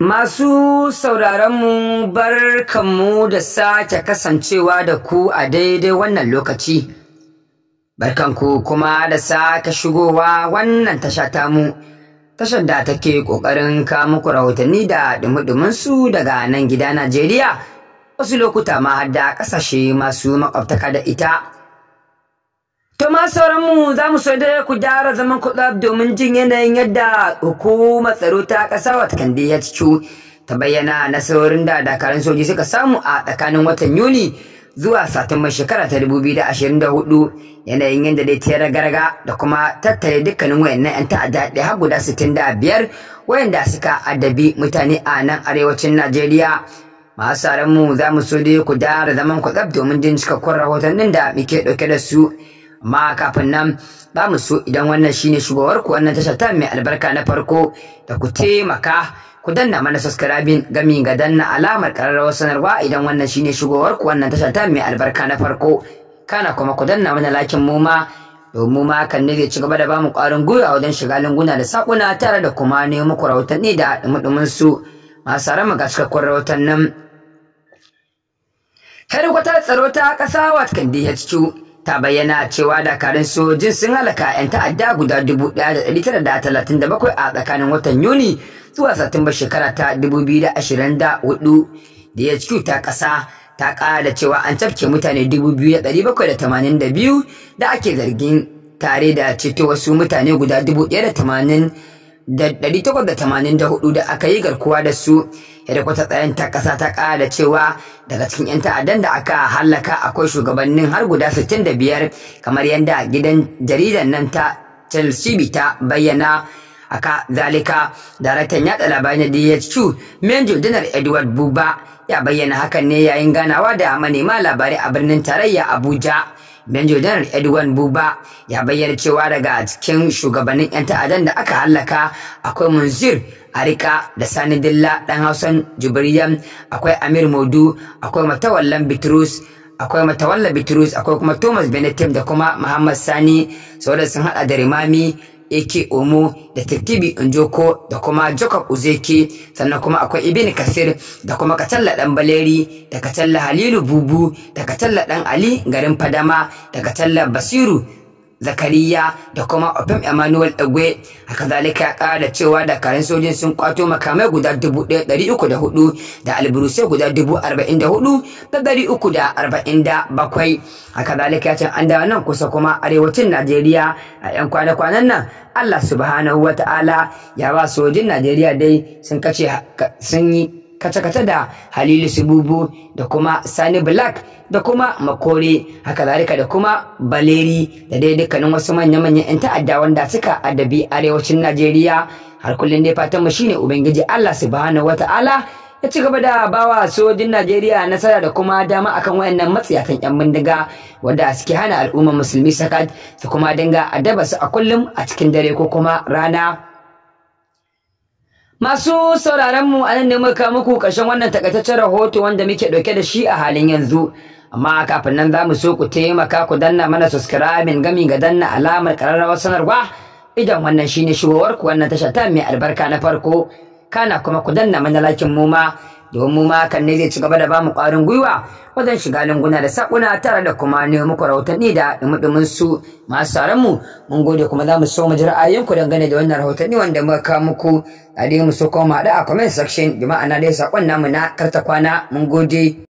Masu sauraronmu bar kanmu da sake kasancewa da ku a daidai wannan lokaci. Barkanku kuma da sake shigowa wannan tasha tamu, tashar da take ƙoƙarin muku rahotanni da dumudumunsu daga nan gida Najeriya, wasu lokuta ma da ƙasashe masu makwabtaka da ita. To ma sauranmu za mu so da ku gyara zaman kuɗa domin jin yanayin yadda hukumar tsaro ta ƙasa wata kande ya ci ta bayyana nasarorin da dakarun soji suka samu a tsakanin watan Yuni zuwa Satumba shekara ta 2024 yanayin yadda dai ta garga da kuma tattare dukkanin wayannan 'yan ta'adda ɗaya har guda 65 wayanda suka addabi mutane a nan arewacin Najeriya. Masu mu za mu so ya ku gyara zaman kuɗa domin jin cikakkun rahotannin da muke ɗauke da su. amma kafin nan ba mu so idan wannan shine shugabar ku wannan tashar ta mai albarka na farko da ku taimaka ku danna mana subscribing gami ga danna alamar kararrawar sanarwa idan wannan shine shugabar ku wannan tashar ta mai albarka na farko kana kuma ku danna mana lakin mu ma domin ma kan ne zai ci gaba da ba mu ƙwarin gwiwa wajen shiga lunguna da sakuna tare da kuma ne muku rahotanni da dumudumin su masu rama ga cikakkun rahotannin. Hedikwatar tsaro ta ƙasa Watkan DHQ ta bayyana cewa dakarun sojin sun halaka 'yan ta'adda guda 1,937 a tsakanin watan Yuni zuwa Satumba shekara ta 2024 DHQ ta ƙasa ta ƙara da cewa an cafke mutane 2,782 da ake zargin tare da ceto wasu mutane guda 1,884 da aka yi garkuwa da su hedikwata tsayin ta kasa ta kara cewa daga cikin 'yan ta'addan da aka hallaka akwai shugabannin har guda 65 kamar yadda gidan jaridan nan ta CB ta bayyana aka zalika daraktan yada labarai na dhq major janar edward buba ya bayyana hakan ne yayin ganawa da manema labarai a birnin tarayya abuja Major General Edwin Buba ya bayyana cewa daga cikin shugabannin 'yan ta'addan da aka hallaka akwai Munzir Arika da Sani Dilla ɗan Hausan Jibriya akwai Amir Modu akwai Matawallan Bitrus akwai Matawalla Bitrus akwai kuma Thomas Benetim da kuma Muhammad Sani saboda sun hada da Rimami AK Omo da Tirtibi Njoko da kuma Jacob Uzeki sannan kuma akwai Ibn Kasir da kuma Katalla Dan Baleri da Katalla Halilu Bubu da Katalla Dan Ali garin Fadama da Katalla Basiru zakariya da kuma ofim emmanuel egwe a zalika ya kara cewa dakarun sojin sun kwato makamai guda dubu ɗaya ɗari uku da hudu da alburusai guda dubu arba'in da hudu da ɗari uku da arba'in da bakwai haka zalika ya ce an dawo nan kusa kuma arewacin najeriya a yan kwana-kwanan nan allah subhanahu wa ta'ala ya ba sojin najeriya dai sun kace sun yi kace-kace da halilu sububu da kuma sani black da kuma makore haka zalika da kuma baleri da dai dukkanin wasu manya-manyan 'yan ta'adda wanda suka addabi arewacin najeriya har kullum dai fatan mu shine ubangiji allah subhanahu wata'ala ya ci gaba da bawa sojin Najeriya nasara da kuma dama akan wayannan matsiyatan yan bindiga wanda suke hana al'ummar musulmi sakat su kuma dinga adaba su a kullum a cikin dare ko kuma rana Masu sauraron mu anan ne muka muku ƙarshen wannan takaitaccen rahoto wanda muke ɗauke da shi a halin yanzu. Amma kafin nan za mu so ku taimaka ku danna mana subscribing gami ga danna alamar ƙararrawar sanarwa idan wannan shine shigowar ku wannan tasha ta mai albarka na farko. Kana kuma ku danna mana lakin mu ma domin ma hakan ne zai ci gaba da ba mu ƙwarin gwiwa wajen shiga linguna da sakuna tare da kuma ne muku rahotanni da dumudumin su masu sauran mu mun gode kuma za mu so mu ji ra'ayinku dangane da wannan rahotanni wanda muka kawo muku a dai mu so kuma haɗu a comment section bi na dai sakon namu na karta kwana mun gode